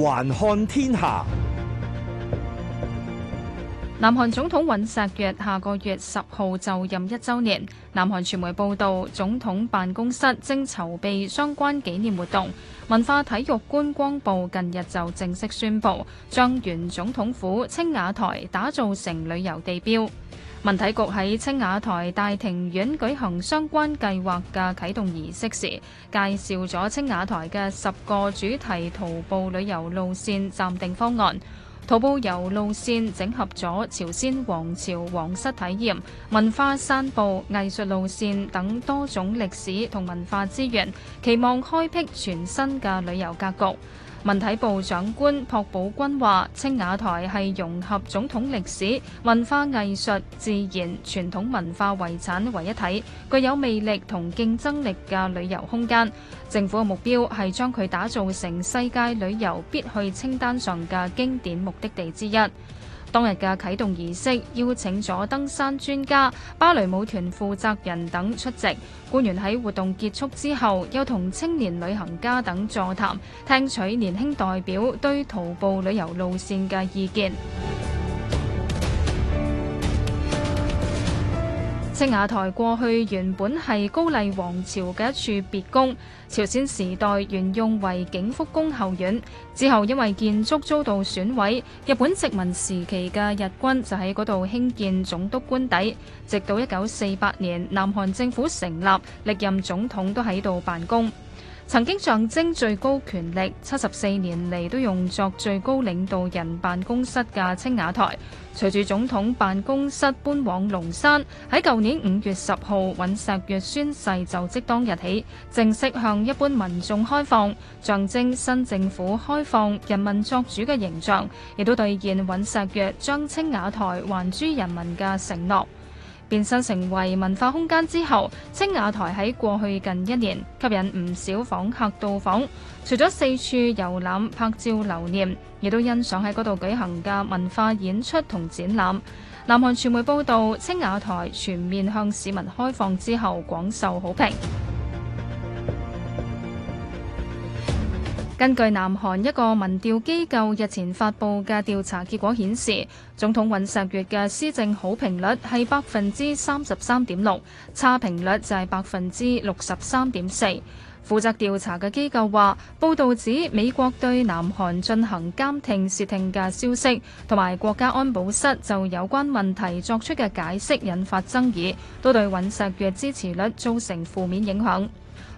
環看天下。南韓總統尹錫悦下個月十號就任一週年，南韓傳媒報導，總統辦公室正籌備相關紀念活動。文化體育觀光部近日就正式宣布，將原總統府青瓦台打造成旅遊地標。文體局喺青瓦台大庭院舉行相關計劃嘅啟動儀式時，介紹咗青瓦台嘅十個主題徒步旅遊路線暫定方案。徒步遊路線整合咗朝鮮王朝皇室體驗、文化散步、藝術路線等多種歷史同文化資源，期望開闢全新嘅旅遊格局。文體部長官朴寶君話：青瓦台係融合總統歷史、文化、藝術、自然、傳統文化遺產為一體，具有魅力同競爭力嘅旅遊空間。政府嘅目標係將佢打造成世界旅遊必去清單上嘅經典目的地之一。當日嘅啟動儀式邀請咗登山專家、芭蕾舞團負責人等出席。官員喺活動結束之後，又同青年旅行家等座談，聽取年輕代表對徒步旅遊路線嘅意見。青瓦台過去原本係高麗王朝嘅一處別宮，朝鮮時代沿用為景福宮後院，之後因為建築遭到損毀，日本殖民時期嘅日軍就喺嗰度興建總督官邸，直到一九四八年南韓政府成立，歷任總統都喺度辦公。曾經象徵最高權力，七十四年嚟都用作最高領導人辦公室嘅青瓦台，隨住總統辦公室搬往龍山，喺舊年五月十號尹錫悅宣誓就職當日起，正式向一般民眾開放，象徵新政府開放人民作主嘅形象，亦都兌現尹錫悅將青瓦台還諸人民嘅承諾。變身成為文化空間之後，青瓦台喺過去近一年吸引唔少訪客到訪，除咗四處遊覽拍照留念，亦都欣賞喺嗰度舉行嘅文化演出同展覽。南韓傳媒報道，青瓦台全面向市民開放之後，廣受好評。根據南韓一個民調機構日前發布嘅調查結果顯示，總統尹錫悅嘅施政好評率係百分之三十三點六，差評率就係百分之六十三點四。負責調查嘅機構話，報道指美國對南韓進行監聽竊聽嘅消息，同埋國家安保室就有關問題作出嘅解釋引發爭議，都對尹錫悅支持率造成負面影響。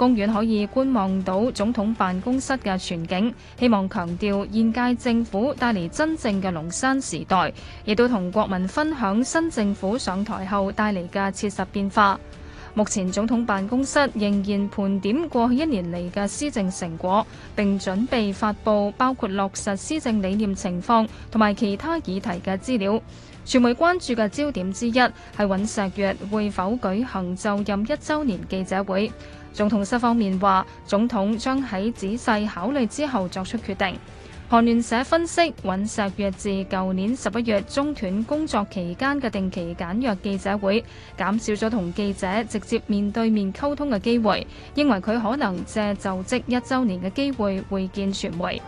公園可以觀望到總統辦公室嘅全景，希望強調現屆政府帶嚟真正嘅龍山時代，亦都同國民分享新政府上台後帶嚟嘅切實變化。目前總統辦公室仍然盤點過去一年嚟嘅施政成果，並準備發布包括落實施政理念情況同埋其他議題嘅資料。傳媒關注嘅焦點之一係尹錫悅會否舉行就任一週年記者會。總統室方面話，總統將喺仔細考慮之後作出決定。韓聯社分析，尹錫悅自舊年十一月中斷工作期間嘅定期簡約記者會，減少咗同記者直接面對面溝通嘅機會，認為佢可能借就職一週年嘅機會會見傳媒。